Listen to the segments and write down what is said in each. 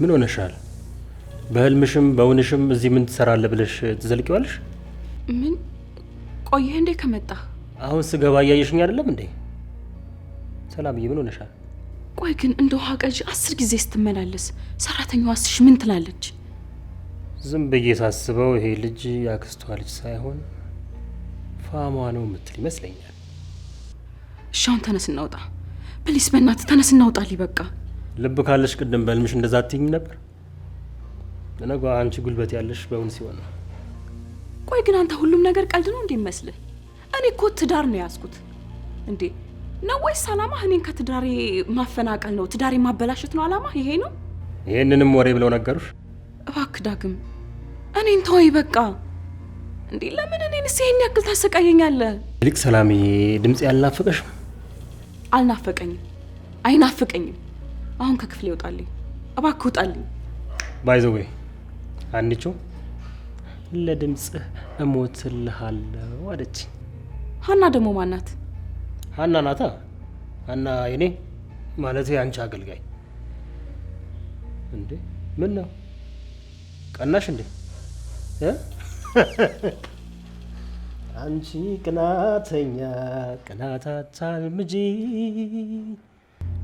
ምን ሆነሻል? በህልምሽም በእውንሽም እዚህ ምን ትሰራለ ብለሽ ትዘልቂዋለሽ? ምን ቆየህ እንዴ ከመጣ? አሁን ስገባ እያየሽኝ አይደለም እንዴ? ሰላምዬ፣ ምን ሆነሻል? ቆይ ግን እንደ ውሃ ቀጂ አስር ጊዜ ስትመላለስ ሰራተኛዋ አስሽ ምን ትላለች? ዝም ብዬ ሳስበው ይሄ ልጅ ያክስቷ ልጅ ሳይሆን ፋሟ ነው የምትል ይመስለኛል። እሻውን ተነስ እናውጣ። ፕሊስ፣ በእናት ተነስ እናውጣ። በቃ ልብ ካለሽ ቅድም በልምሽ እንደዛ አትይኝም ነበር? ነገ አንቺ ጉልበት ያለሽ በእውን ሲሆን ነው። ቆይ ግን አንተ ሁሉም ነገር ቀልድ ነው እንዴ ይመስልህ? እኔ እኮ ትዳር ነው የያዝኩት እንዴ ነው ወይስ አላማ እኔን ከትዳሬ ማፈናቀል ነው? ትዳሬ ማበላሸት ነው አላማ ይሄ ነው? ይሄንንም ወሬ ብለው ነገሩሽ? እባክህ ዳግም እኔን ተወይ በቃ። እንዴ ለምን እኔንስ ይሄን ያክል ታሰቃየኛለህ? ይልቅ ሰላሜ ድምፅ ያልናፈቀሽም? አልናፈቀኝም፣ አይናፍቀኝም አሁን ከክፍል ይወጣልኝ፣ እባክህ ውጣልኝ። ባይዘዌ አንቺ ለድምፅህ እሞትልሃለሁ አለች። ሀና ደግሞ ማናት? ሀና ናታ። ሀና የኔ ማለት አንቺ አገልጋይ እንዴ? ምን ነው ቀናሽ እንዴ? አንቺ ቅናተኛ ቅናታታል ምጂ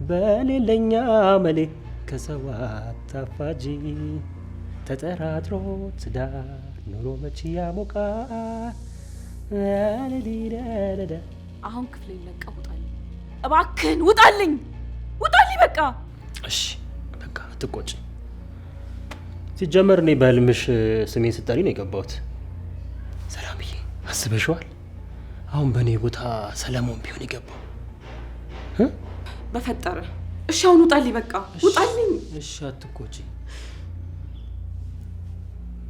በሌለኛ መሌ ከሰው አታፋጂ ተጠራጥሮ ትዳር ኑሮ መቼ ያሞቃል። አሁን ክፍል ለቀህ ውጣልኝ፣ እባክህን ውጣልኝ፣ ውጣልኝ። በቃ እሺ፣ በቃ አትቆጭ። ሲጀመር እኔ በህልምሽ ስሜን ስጠሪ ነው የገባሁት። ሰላምዬ፣ አስበሽዋል? አሁን በእኔ ቦታ ሰለሞን ቢሆን የገባው በፈጠረ እሺ፣ አሁን ውጣልኝ፣ በቃ ውጣልኝ። እሺ፣ አትቆጪ።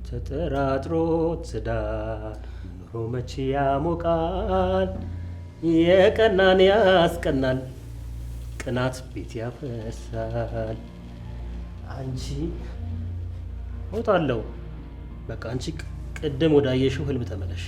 ተጠራጥሮ ትዳር ኑሮ መቼ ያሞቃል? የቀናን ያስቀናል፣ ቅናት ቤት ያፈሳል። አንቺ እወጣለሁ፣ በቃ አንቺ ቅድም ወዳየሽው ህልም ተመለሽ።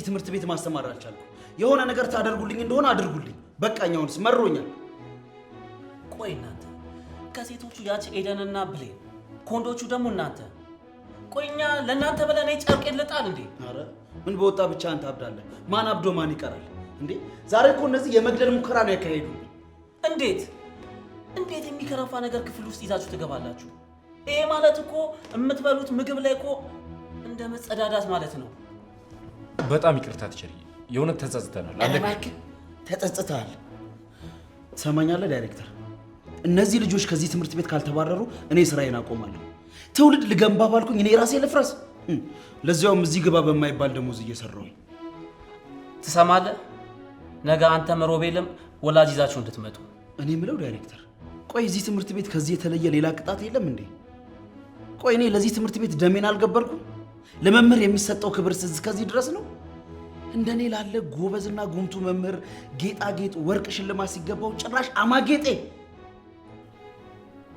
እዚህ ትምህርት ቤት ማስተማር አልቻልኩም። የሆነ ነገር ታደርጉልኝ እንደሆነ አድርጉልኝ። በቃኝ፣ መሮኛል። ቆይ እናንተ ከሴቶቹ ያች ኤደንና ብሌን ከወንዶቹ ደግሞ እናንተ ቆይኛ ለእናንተ ብለን ጨርቅ ልጣል እንዴ? አረ ምን በወጣ ብቻ አንተ አብዳለህ። ማን አብዶ ማን ይቀራል እንዴ? ዛሬ እኮ እነዚህ የመግደል ሙከራ ነው ያካሄዱ። እንዴት እንዴት የሚከረፋ ነገር ክፍል ውስጥ ይዛችሁ ትገባላችሁ? ይሄ ማለት እኮ የምትበሉት ምግብ ላይ እኮ እንደ መጸዳዳት ማለት ነው። በጣም ይቅርታ ትችል። የእውነት ተጸጽተናል። ተጸጽተሃል። ትሰማኛለህ ዳይሬክተር፣ እነዚህ ልጆች ከዚህ ትምህርት ቤት ካልተባረሩ እኔ ስራዬን አቆማለሁ። ትውልድ ልገንባ ባልኩኝ እኔ ራሴ ልፍረስ። ለዚያውም እዚህ ግባ በማይባል ደሞዝ እየሰራሁ ትሰማለህ። ነገ አንተም ሮቤልም ወላጅ ይዛችሁ እንድትመጡ እኔ የምለው ዳይሬክተር፣ ቆይ እዚህ ትምህርት ቤት ከዚህ የተለየ ሌላ ቅጣት የለም እንዴ? ቆይ እኔ ለዚህ ትምህርት ቤት ደሜን አልገበርኩም? ለመምህር የሚሰጠው ክብር እስከዚህ ድረስ ነው። እንደኔ ላለ ጎበዝና ጉምቱ መምህር ጌጣጌጥ፣ ወርቅ ሽልማት ሲገባው ጭራሽ አማጌጤ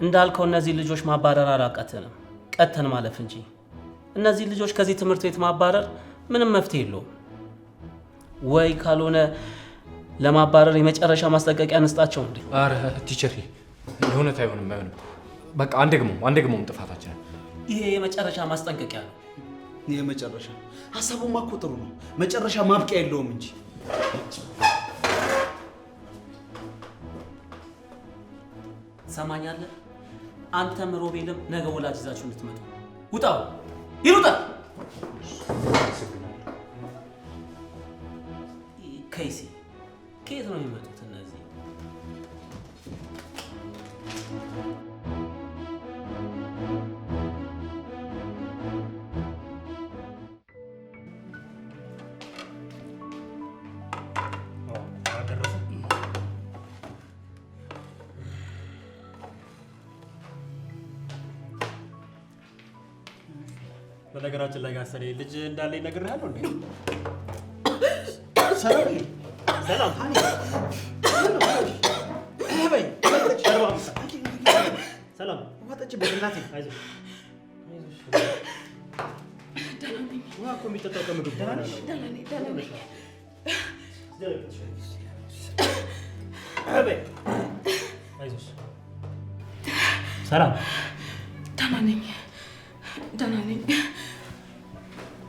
እንዳልከው እነዚህ ልጆች ማባረር አላቃተንም፣ ቀተን ማለፍ እንጂ እነዚህ ልጆች ከዚህ ትምህርት ቤት ማባረር ምንም መፍትሄ የለውም። ወይ ካልሆነ ለማባረር የመጨረሻ ማስጠንቀቂያ እንስጣቸው። እንዲ አረ ቲቸር፣ የእውነት አይሆንም አይሆንም። በቃ አንደግመውም አንደግሞም ጥፋታችንን። ይሄ የመጨረሻ ማስጠንቀቂያ ነው። የመጨረሻ ሀሳቡማ እኮ ጥሩ ነው፣ መጨረሻ ማብቂያ የለውም እንጂ ሰማኛለ። አንተም ሮቤልም ነገ ወላጅ ይዛችሁ እንድትመጡ ውጣው፣ ይሩጣ ከይሴ ከየት ነው የሚመጡ? በነገራችን ላይ ጋር ልጅ እንዳለ ይነግርሃለሁ እንዴ? ሰላም ሰላም ሰላም ሰላም ደህና ነኝ ደህና ነኝ።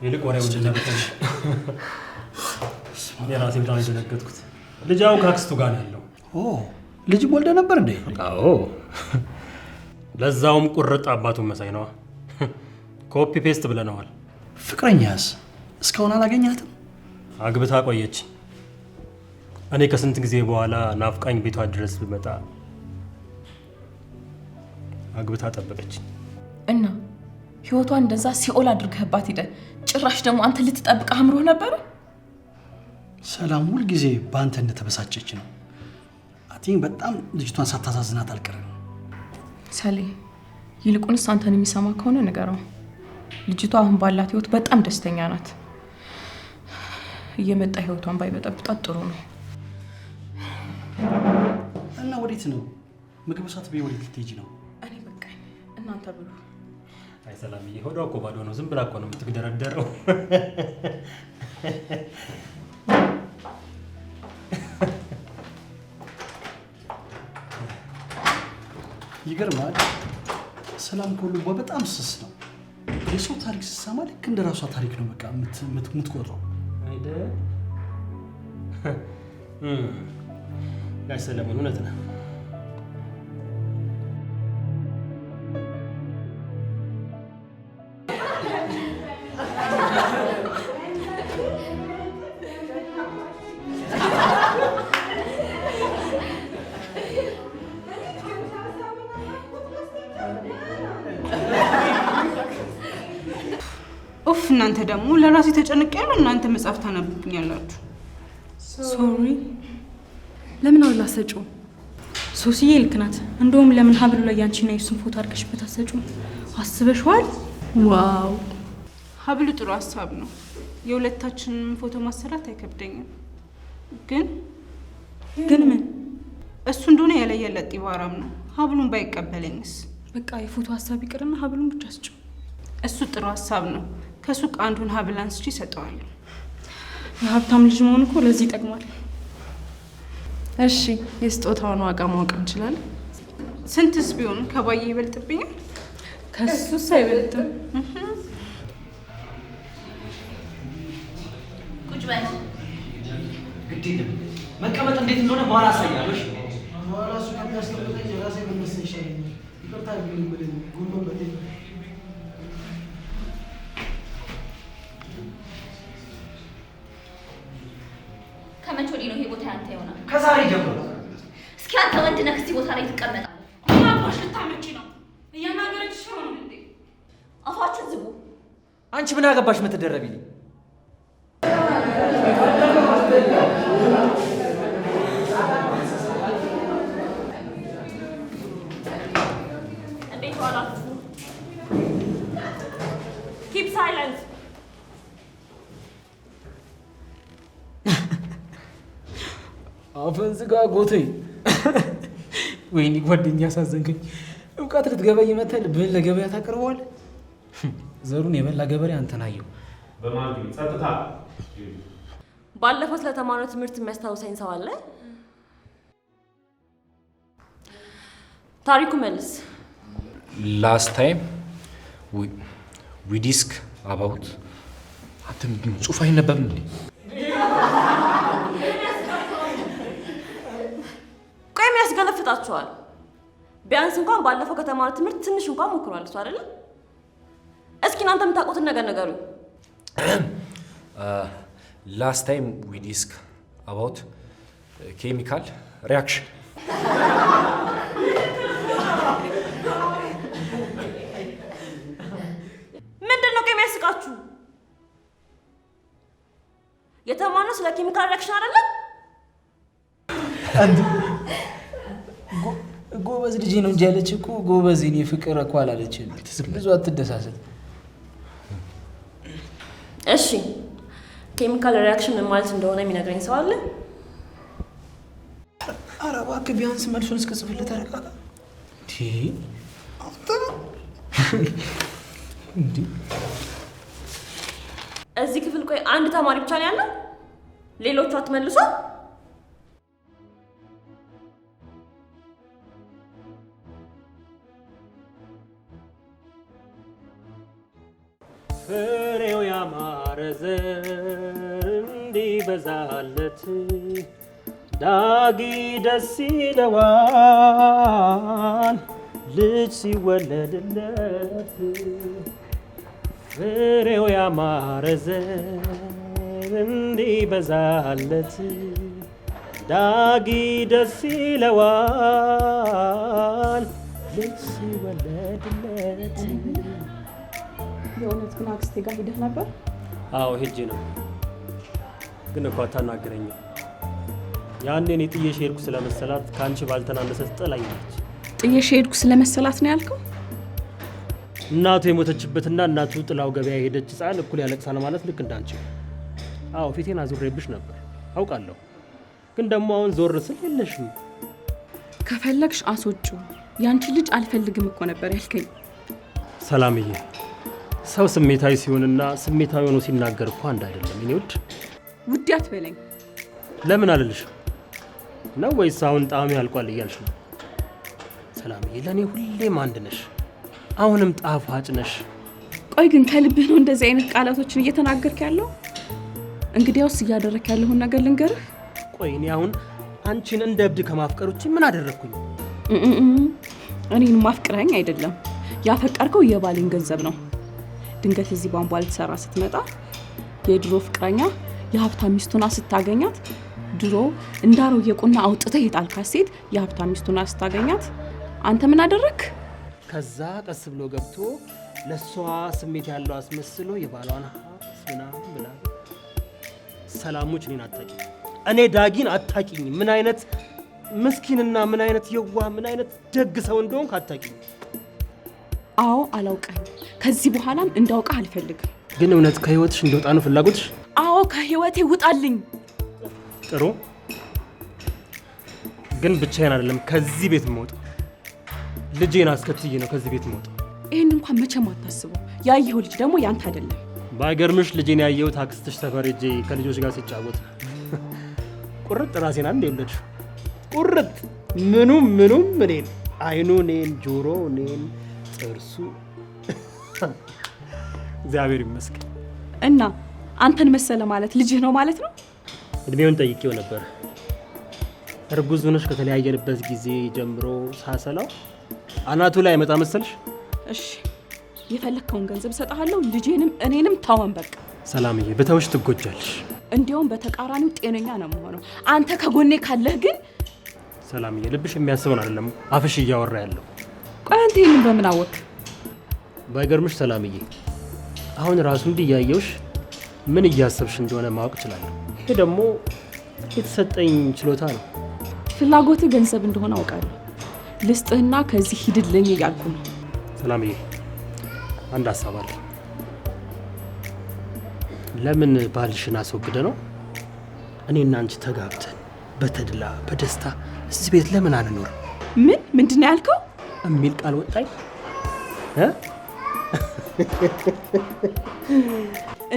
ይልቅ ወሬ ውጭ የራሴ ብቻ የደነገጥኩት ልጅ ከአክስቱ ጋር ያለው። ልጅ ወልደ ነበር እንዴ? አዎ፣ ለዛውም ቁርጥ አባቱን መሳይ ነዋ። ኮፒ ፔስት ብለነዋል። ፍቅረኛስ እስካሁን አላገኛትም? አግብታ ቆየች። እኔ ከስንት ጊዜ በኋላ ናፍቃኝ ቤቷ ድረስ ብመጣ አግብታ ጠበቀች እና ህይወቷን እንደዛ ሲኦል አድርገህባት ሂደ ጭራሽ ደግሞ አንተ ልትጠብቅ አምሮ ነበረ። ሰላም ሁልጊዜ በአንተ እንደተበሳጨች ነው። አቲን በጣም ልጅቷን ሳታሳዝናት አልቀርም። ሰሌ ይልቁንስ አንተን የሚሰማ ከሆነ ንገረው። ልጅቷ አሁን ባላት ህይወት በጣም ደስተኛ ናት። እየመጣ ህይወቷን ባይበጠብጣት ጥሩ ነው። እና ወዴት ነው? ምግብ ሰዓት ቤ ወዴት ልትሄጂ ነው? እኔ በቃኝ፣ እናንተ ብሉ። አይ ሰላምዬ ሆዷ እኮ ባዶ ነው። ዝም ብላ እኮ ነው የምትደረደረው። ይገርማል። ሰላም ከሁሉም በጣም ስስ ነው። የሰው ታሪክ ስሰማ ልክ እንደ ራሷ ታሪክ ነው በቃ የምትቆጥረው አይደል? ጋሽ ሰለሞን እውነት ነው። እፍ እናንተ ደግሞ ለራሴ ተጨንቅ ያለው እናንተ መጽሐፍ ታነብብኛላችሁ። ሶሪ ለምን አውላ ሰጪው ሶስዬ ልክ ናት። እንደውም ለምን ሀብሉ ላይ ያንቺና የሱን ፎቶ አድርገሽበት አሰጩ አስበሽዋል? ዋው ሀብሉ ጥሩ ሀሳብ ነው። የሁለታችንን ፎቶ ማሰራት አይከብደኝም። ግን ግን ምን እሱ እንደሆነ ያለየለ ጢባራም ነው። ሀብሉን ባይቀበለኝስ? በቃ የፎቶ ሀሳብ ይቅርና ሀብሉን ብቻ ስጭ እሱ ጥሩ ሀሳብ ነው። ከሱቅ አንዱን ሀብል አንስቼ እሰጠዋለሁ። የሀብታም ልጅ መሆን እኮ ለዚህ ይጠቅማል። እሺ፣ የስጦታውን ዋጋ ማወቅ እንችላለን? ስንትስ ቢሆን ከባዬ ይበልጥብኛል? ከሱስ አይበልጥም። ቁጭ በል። ግድ መቀመጥ እንዴት እንደሆነ በኋላ አሳያለሽ። በኋላ እሱ ከሚያስቀምጠኝ የራሴ መመሰል ይሻለኛል። ይቅርታ ግ ጎንበን በቴ ቦታ ላይ ትቀመጣለህ? ምናባሽ ነው? እንዴ! አፋችን ዝጉ። አንቺ ምን አገባሽ የምትደረቢልኝ? እንዴት አፈንዝጋ ጎቴ ወይኔ ጓደኛ አሳዘንከኝ። እውቀት ልትገበይ መተል ብል ለገበያ ታቀርበዋል። ዘሩን የበላ ገበሬ አንተናየው። ጸጥታ። ባለፈው ስለተማረው ትምህርት የሚያስታውሰኝ ሰው አለ? ታሪኩ መልስ። ላስት ታይም ዊ ዲስክ አባውት አንተም ጽሁፍ አይነበብም እንዴ? ድጋሚ ያስገለፍጣችኋል። ቢያንስ እንኳን ባለፈው ከተማ ትምህርት ትንሽ እንኳን ሞክሯል እሱ አይደለም። እስኪ እናንተ የምታውቁትን ነገር ነገሩ። ላስት ታይም ዊ ዲስክ አባውት ኬሚካል ሪያክሽን ምንድን ነው የሚያስቃችሁ? የተማነው ስለ ኬሚካል ሪያክሽን አይደለም። ጎበዝ ልጅ ነው እንጂ ያለች እኮ ጎበዝ የኔ ፍቅር እኮ አላለችም። ብዙ አትደሳሰት። እሺ ኬሚካል ሪያክሽን ምን ማለት እንደሆነ የሚነግረኝ ሰው አለ? ኧረ እባክህ ቢያንስ መልሱን እስከ ጽፍለት ተረቃቃ እዚህ ክፍል ቆይ አንድ ተማሪ ብቻ ነው ያለው? ሌሎቹ አትመልሷ ፍሬው ያማረ ዘር እንዲበዛለት ዳጊ ደስ ይለዋል ልጅ ሲወለድለት ፍሬው ያማረ ዘር እንዲበዛለት ዳጊ ደስ ይለዋል ልጅ ሲወለድ ግን አክስቴ ጋር ሂደህ ነበር? አዎ ሄጄ ነው። ግን እኮ አታናግረኝም። ያኔ እኔ ጥዬሽ ሄድኩ ስለመሰላት ከአንቺ ባልተናነሰ ትጠላኛለች። ጥዬሽ ሄድኩ ስለመሰላት ነው ያልከው? እናቱ የሞተችበትና እናቱ ጥላው ገበያ የሄደች ሕፃን እኩል ያለቅሳል ማለት ልክ እንዳንቺ። አዎ ፊቴን አዙሬብሽ ነበር አውቃለሁ። ግን ደግሞ አሁን ዞር ስል የለሽም። ከፈለግሽ አስወጪው። ያንቺ ልጅ አልፈልግም እኮ ነበር ያልከኝ። ሰላምዬ ሰው ስሜታዊ ሲሆንና ስሜታዊ ሆኖ ሲናገር እኮ አንድ አይደለም። እኔ ውድ ውድ አትበለኝ። ለምን አልልሽ ነው ወይስ አሁን ጣዕም አልቋል እያልሽ ነው? ሰላምዬ፣ ለእኔ ሁሌም አንድ ነሽ፣ አሁንም ጣፋጭ ነሽ። ቆይ ግን ከልብህ ነው እንደዚህ አይነት ቃላቶችን እየተናገርክ ያለው? እንግዲያውስ እያደረክ ያለውን ነገር ልንገርህ። ቆይ እኔ አሁን አንቺን እንደ እብድ ከማፍቀሮች ምን አደረግኩኝ? እኔን ማፍቅረኝ አይደለም፣ ያፈቀርከው የባሌን ገንዘብ ነው ድንገት እዚህ ቧንቧ ልትሰራ ስትመጣ የድሮ ፍቅረኛ የሀብታ ሚስቱና ስታገኛት ድሮ እንዳሮ የቁና አውጥተ የጣልካት ሴት የሀብታ ሚስቱና ስታገኛት አንተ ምን አደረግ? ከዛ ቀስ ብሎ ገብቶ ለእሷ ስሜት ያለው አስመስሎ የባሏን ሀብት ብላ ሰላሞች እኔን አታቂ፣ እኔ ዳጊን አታቂኝ። ምን አይነት ምስኪንና ምን አይነት የዋህ ምን አይነት ደግ ሰው እንደሆንክ አታቂኝ። አዎ አላውቃኝ። ከዚህ በኋላም እንዳውቃህ አልፈልግም። ግን እውነት ከህይወትሽ እንደወጣ ነው ፍላጎትሽ? አዎ ከህይወቴ ውጣልኝ። ጥሩ ግን ብቻዬን አይደለም ከዚህ ቤት የምወጣው፣ ልጄን አስከትዬ ነው ከዚህ ቤት የምወጣው። ይህን እንኳን መቼም አታስበው። ያየኸው ልጅ ደግሞ ያንተ አይደለም። ባይገርምሽ ልጄን ያየሁት አክስትሽ ሰፈር ሄጄ ከልጆች ጋር ሲጫወት ቁርጥ ራሴን አንድ የወለድሽው ቁርጥ ምኑም ምኑም እኔን አይኑ እኔን ጆሮ እኔን እርሱ እግዚአብሔር ይመስገን። እና አንተን መሰለ ማለት ልጅህ ነው ማለት ነው? እድሜውን ጠይቄው ነበር። እርጉዝ ሆነሽ ከተለያየንበት ጊዜ ጀምሮ ሳሰላው አናቱ ላይ አይመጣ መሰልሽ። እሺ የፈለግከውን ገንዘብ እሰጥሃለሁ። ልጄንም እኔንም ታወን በቃ። ሰላምዬ ብተውሽ ትጎጃለሽ። እንዲያውም በተቃራኒው ጤነኛ ነው የምሆነው። አንተ ከጎኔ ካለህ ግን። ሰላምዬ ልብሽ የሚያስበን አይደለም አፍሽ እያወራ ያለው ቆይ አንተ ይሄንን በምን አወቅ? ባይገርምሽ ሰላምዬ፣ አሁን ራሱ እንዲያየውሽ ምን እያሰብሽ እንደሆነ ማወቅ እችላለሁ። ይሄ ደግሞ የተሰጠኝ ችሎታ ነው። ፍላጎትህ ገንዘብ እንደሆነ አውቃለሁ። ልስጥህና ከዚህ ሂድልኝ እያልኩ ነው። ሰላምዬ፣ አንድ ሀሳብ አለ። ለምን ባልሽን አስወግደ ነው እኔና አንቺ ተጋብተን በተድላ በደስታ እዚህ ቤት ለምን አንኖርም? ምን ምንድን ነው ያልከው? የሚል ቃል ወጣኝ።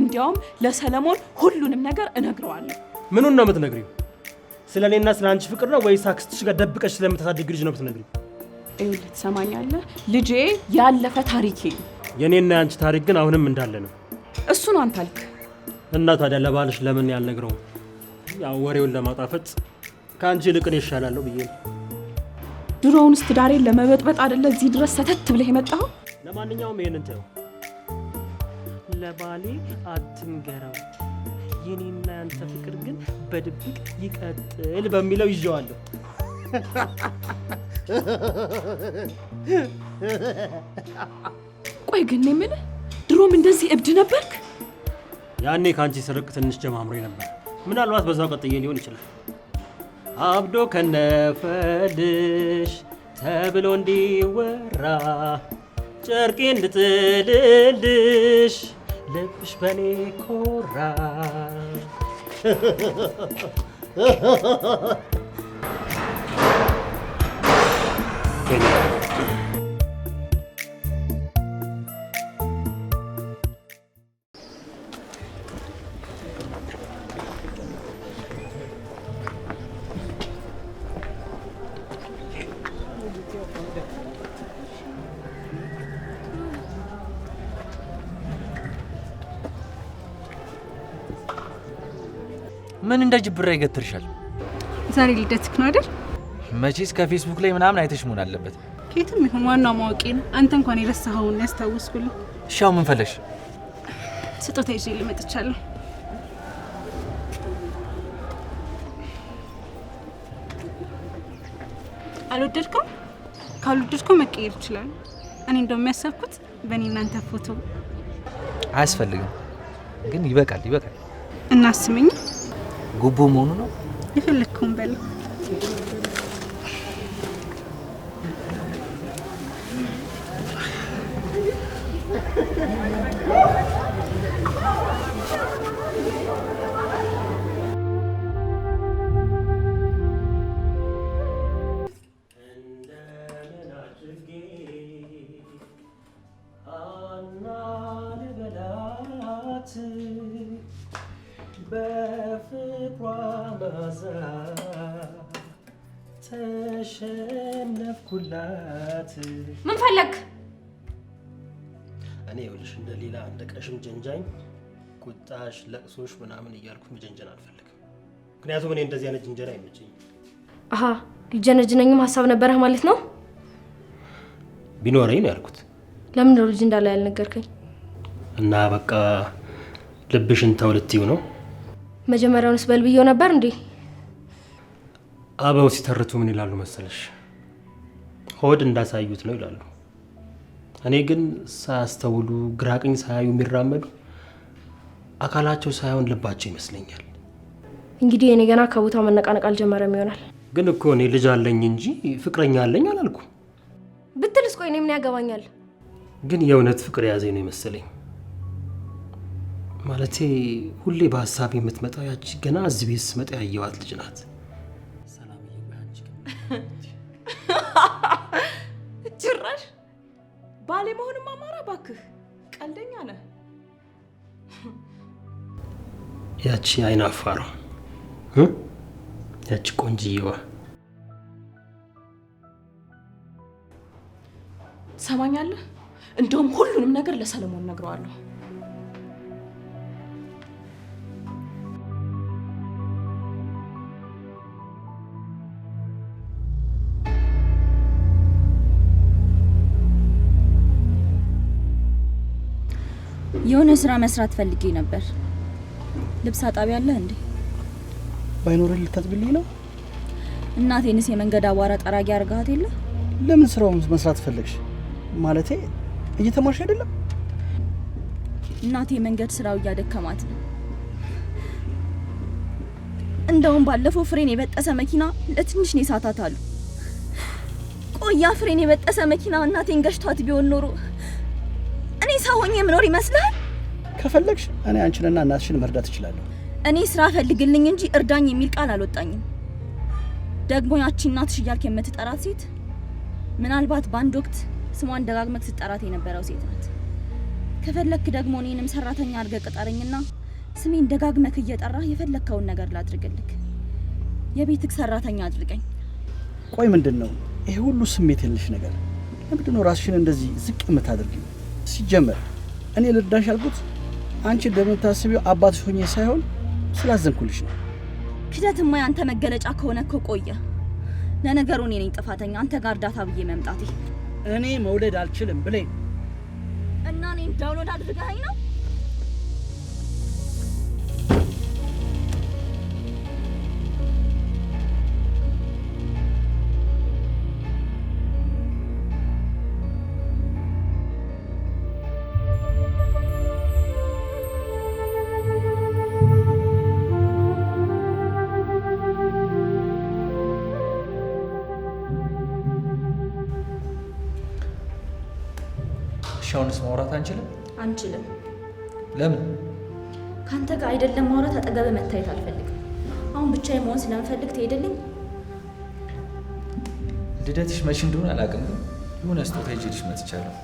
እንዲያውም ለሰለሞን ሁሉንም ነገር እነግረዋለሁ። ምኑን ነው የምትነግሪው? ስለ እኔና ስለ አንቺ ፍቅር ነው ወይስ አክስትሽ ጋር ደብቀሽ ስለምታሳድግ ልጅ ነው የምትነግሪው? ይኸውልህ፣ ትሰማኛለህ? ልጄ ያለፈ ታሪኬ የእኔና የአንቺ ታሪክ ግን አሁንም እንዳለ ነው። እሱን አንተ አልክ እና ታዲያ ለባልሽ ለምን ያልነግረው? ያው ወሬውን ለማጣፈጥ ከአንቺ ይልቅ እኔ እሻላለሁ ብዬ ነው። ድሮውንስ ትዳሬን ለመበጥበጥ አይደለ እዚህ ድረስ ሰተት ብለህ የመጣው? ለማንኛውም ይሄንን ተው፣ ለባሌ አትንገረው። የኔና ያንተ ፍቅር ግን በድብቅ ይቀጥል በሚለው ይዤዋለሁ። ቆይ ግን የምልህ ድሮም እንደዚህ እብድ ነበርክ? ያኔ ከአንቺ ስርቅ ትንሽ ጀማምሬ ነበር። ምናልባት በዛው ቀጥዬ ሊሆን ይችላል። አብዶ ከነፈድሽ ተብሎ እንዲወራ ጨርቄ እንድጥልልሽ ልብሽ በኔ ኮራ። ጤና ምን እንደ ጅብራ ይገትርሻል? ዛሬ ልደትክ ነው አይደል? መቼስ ከፌስቡክ ላይ ምናምን አይተሽ መሆን አለበት። ኬትም ይሁን ዋናው ማወቂ ነው። አንተ እንኳን የረሳኸውን ብሎ እሻው ምን ፈለሽ? ስጦታ ይዤ ልመጥቻለሁ። አልወደድከው? ካልወደድከው መቀየር ይችላል። እኔ እንደው የሚያሰብኩት በእኔ እናንተ ፎቶ አያስፈልግም። ግን ይበቃል፣ ይበቃል። እናስመኝ ጉቦ መሆኑ ነው የፈለግከውን በለው ምን ፈለግ? እኔ ይኸውልሽ እንደ ሌላ እንደ ቀሽም ጀንጃኝ ቁጣሽ፣ ለቅሶሽ ምናምን እያልኩ መጀንጀን አልፈልግም። ምክንያቱም እኔ እንደዚህ አይነት ጅንጀና አይመቸኝም። አሀ ሊጀነጅነኝም ሀሳብ ነበረህ ማለት ነው? ቢኖረኝ ነው ያልኩት። ለምን ልጅ እንዳለ ያልነገርከኝ? እና በቃ ልብሽን ተው ነው? መጀመሪያውንስ በል ነበር እንዴ። አበው ሲተርቱ ምን ይላሉ መሰለሽ ሆድ እንዳሳዩት ነው ይላሉ። እኔ ግን ሳያስተውሉ ግራቅኝ ሳያዩ የሚራመዱ አካላቸው ሳይሆን ልባቸው ይመስለኛል። እንግዲህ እኔ ገና ከቦታ መነቃነቅ አልጀመረም ይሆናል። ግን እኮ እኔ ልጅ አለኝ እንጂ ፍቅረኛ አለኝ አላልኩ ብትልስ፣ ቆይ እኔ ምን ያገባኛል? ግን የእውነት ፍቅር የያዘኝ ነው ይመስለኝ። ማለቴ ሁሌ በሀሳብ የምትመጣው ያቺ ገና እዚህ ቤት ስመጣ ያየዋት ልጅ ናት። ሰላም ጭራሽ ባሌ መሆንም አማራ። እባክህ ቀልደኛ ነህ። ያቺ አይን አፋሯ ያቺ ቆንጅዬዋ ትሰማኛለህ? እንደውም ሁሉንም ነገር ለሰለሞን ነግረዋለሁ። የሆነ ስራ መስራት ፈልጌ ነበር። ልብስ አጣቢ አለህ እንዴ? ባይኖርህ ልታጥቢልኝ ነው? እናቴንስ የመንገድ አቧራ ጠራጊ አርጋት የለ። ለምን ስራውን መስራት ፈለግሽ? ማለቴ እየተማርሽ አይደለም? እናቴ የመንገድ ስራው እያደከማት ነው። እንደውም ባለፈው ፍሬን የበጠሰ መኪና ለትንሽ ነው የሳታት አሉ። ቆያ ፍሬን የበጠሰ መኪና እናቴን ገሽቷት ቢሆን ኖሮ እኔ ሰው ሆኜ የምኖር ይመስላል? ከፈለግሽ እኔ አንቺንና እናትሽን መርዳት እችላለሁ። እኔ ስራ ፈልግልኝ እንጂ እርዳኝ የሚል ቃል አልወጣኝም። ደግሞ ያቺ እናትሽ እያልክ የምትጠራት ሴት ምናልባት በአንድ ወቅት ስሟን ደጋግመክ ስትጠራት የነበረው ሴት ናት። ከፈለክ ደግሞ እኔንም ሰራተኛ አድርገህ ቅጠረኝና ስሜን ደጋግመክ እየጠራህ የፈለግከውን ነገር ላድርግልክ። የቤትክ ሰራተኛ አድርገኝ። ቆይ ምንድን ነው ይሄ ሁሉ ስሜት የለሽ ነገር? ለምንድን ነው ራስሽን እንደዚህ ዝቅ የምታደርጊው? ሲጀመር እኔ ልርዳሽ ያልኩት አንቺ እንደምታስቢው አባትሽ ሆኜ ሳይሆን ስላዘንኩልሽ ነው። ክደትማ ያንተ መገለጫ ከሆነ እኮ ቆየ። ለነገሩ እኔ ነኝ ጥፋተኛ፣ አንተ ጋር እርዳታ ብዬ መምጣቴ። እኔ መውለድ አልችልም ብለኝ እና እኔ ዳውንሎድ አድርገኸኝ ነው አሁንስ ማውራት አንችልም? አንችልም። ለምን? ከአንተ ጋር አይደለም ማውራት፣ አጠገብ መታየት አልፈልግም። አሁን ብቻዬን መሆን ስለምፈልግ ትሄድልኝ። ልደትሽ መቼ እንደሆነ አላውቅም፣ ግን የሆነ ስጦታ ይዤልሽ መጥቻለሁ።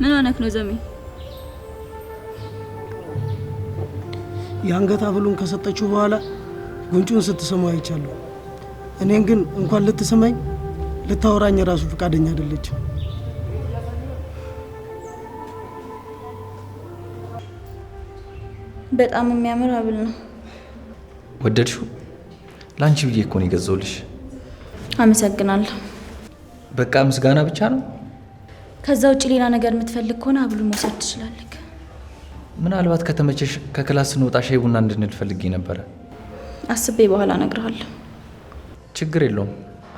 ምን ሆነክ ነው ዘሜ? የአንገት ሀብሉን ከሰጠችው በኋላ ጉንጩን ስትስመው አይቻለሁ። እኔን ግን እንኳን ልትስመኝ ልታወራኝ የራሱ ፈቃደኛ አይደለችም። በጣም የሚያምር ሀብል ነው። ወደድሽው? ለአንቺ ብዬ እኮ ነው የገዛሁልሽ። አመሰግናለሁ። በቃ ምስጋና ብቻ ነው። ከዛ ውጭ ሌላ ነገር የምትፈልግ ከሆነ አብሉን መውሰድ ትችላለህ። ምናልባት ከተመቸሽ ከክላስ ስንወጣ ሻይ ቡና እንድንል ፈልጌ ነበረ። አስቤ በኋላ እነግርሃለሁ። ችግር የለውም።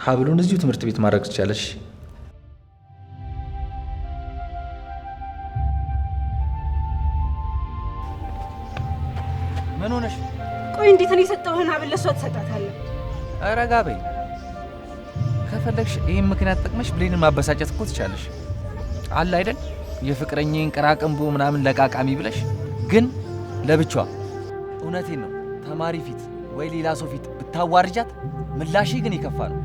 ሀብሉን እዚሁ ትምህርት ቤት ማድረግ ትቻለሽ። ምን ሆነሽ? ቆይ እንዴት ነው የሰጠውህን ሀብል ለሷ ትሰጣታለህ? ረጋ በይ። ከፈለግሽ ይህም ምክንያት ጠቅመሽ ብሌንን ማበሳጨት እኮ ትቻለሽ። አለ አይደል የፍቅረኛዬን ቅራቅንቦ ምናምን ለቃቃሚ ብለሽ ግን ለብቻዋ እውነቴን ነው ተማሪ ፊት ወይ ሌላ ሰው ፊት ብታዋርጃት ምላሽ ግን ይከፋ ነው።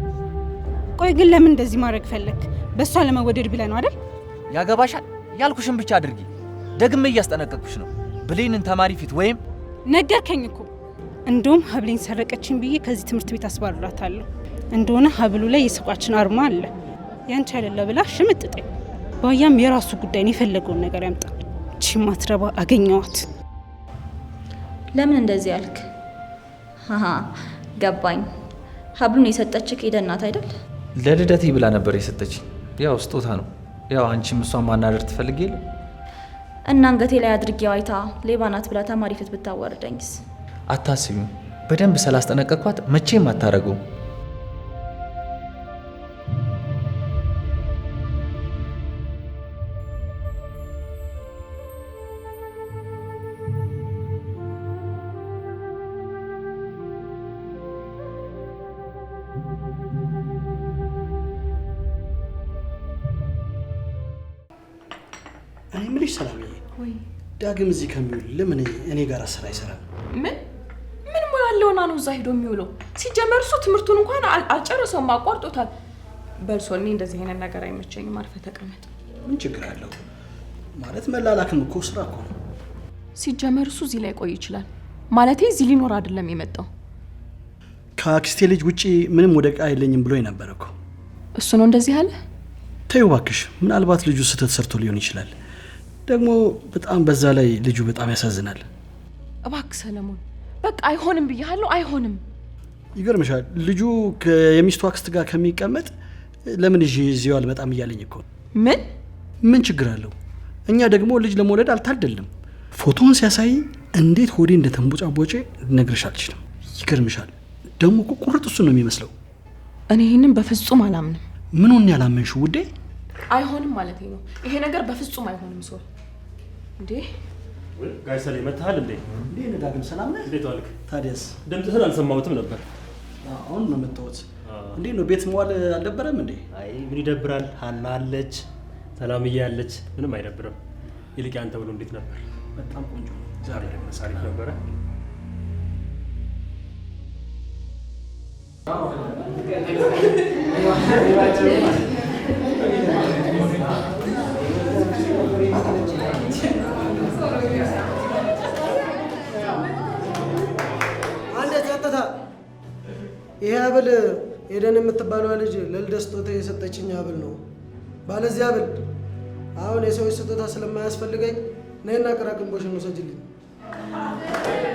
ቆይ ግን ለምን እንደዚህ ማድረግ ፈለግ? በእሷ ለመወደድ ብለህ ነው አይደል? ያገባሻል ያልኩሽን ብቻ አድርጊ። ደግሜ እያስጠነቀቅኩሽ ነው። ብሌንን ተማሪ ፊት ወይም ነገርከኝ እኮ እንደውም ሀብሌን ሰረቀችን ብዬ ከዚህ ትምህርት ቤት አስባርራታለሁ። እንደሆነ ሀብሉ ላይ የሰቋችን አርማ አለ ያንቺ አይደለ ብላ ሽምጥጠኝ ባያም የራሱ ጉዳይ ነው፣ የፈለገውን ነገር ያምጣ። እቺ ማትረባ አገኘዋት። ለምን እንደዚህ ያልክ? ገባኝ። ሀብሉን የሰጠችህ ሄደ እናት አይደል? ለልደቴ ብላ ነበር የሰጠችኝ። ያው ስጦታ ነው። ያው አንቺም እሷን ማናደር ትፈልግ የለ እና አንገቴ ላይ አድርጌው አይታ ሌባ ናት ብላ ተማሪ ፊት ብታዋርደኝስ? አታስቢም። በደንብ ስላስጠነቀቅኳት መቼም አታረገውም። ዳግም እዚህ ከሚውል ለምን እኔ ጋር ስራ ይሰራል? ምን ምን ሙያ ያለውና ነው እዛ ሄዶ የሚውለው? ሲጀመር እሱ ትምህርቱን እንኳን አልጨረሰውም፣ አቋርጦታል። በእርሶ እኔ እንደዚህ አይነት ነገር አይመቸኝም። አርፈህ ተቀመጥ። ምን ችግር አለው? ማለት መላላክም እኮ ስራ እኮ ነው። ሲጀመር እሱ እዚህ ላይ ቆይ ይችላል። ማለቴ እዚህ ሊኖር አይደለም የመጣው። ከአክስቴ ልጅ ውጪ ምንም ወደ ዕቃ የለኝም ብሎ የነበረ እኮ እሱ ነው እንደዚህ አለ። ተይው እባክሽ፣ ምናልባት ልጁ ስህተት ሰርቶ ሊሆን ይችላል። ደግሞ በጣም በዛ ላይ ልጁ በጣም ያሳዝናል። እባክ ሰለሞን በቃ አይሆንም ብያለሁ፣ አይሆንም። ይገርምሻል ልጁ የሚስቱ አክስት ጋር ከሚቀመጥ ለምን እ እዚሁ አልመጣም እያለኝ እኮ። ምን ምን ችግር አለው? እኛ ደግሞ ልጅ ለመውለድ አልታደልም። ፎቶውን ሲያሳይ እንዴት ሆዴ እንደተንቦጫቦጬ ልነግርሽ አልችልም። ይገርምሻል ደግሞ ቁርጥ እሱን ነው የሚመስለው። እኔ ይህንን በፍጹም አላምንም። ምን ሆን ያላመንሽ ውዴ? አይሆንም ማለት ነው። ይሄ ነገር በፍጹም አይሆንም። ሰው እንዴ ጋሽ ሰሌ መታሃል እንዴ? እንዴ ነዳግም ሰላም ነህ? እንዴት ዋልክ? ታዲያስ ድምፅህን አልሰማሁትም ነበር። አሁን ነው መጣሁት። እንዴ ነው ቤት መዋል አልደበረም እንዴ? አይ ምን ይደብራል? ሀና አለች፣ ሰላምዬ አለች፣ ምንም አይደብርም። ይልቅ አንተ ብሎ እንዴት ነበር? በጣም ቆንጆ ዛሬ ደግሞ ሳሪፍ ነበረ። አዎ አንድ ጸጥታ። ይሄ አብል ኤደን የምትባለው ልጅ ለልደት ስጦታ የሰጠችኝ ሀብል ነው። ባለዚህ ሀብል አሁን የሰዎች ስጦታ ስለማያስፈልገኝ ነይና ቅራቅንቦሽን ውሰጅልኝ።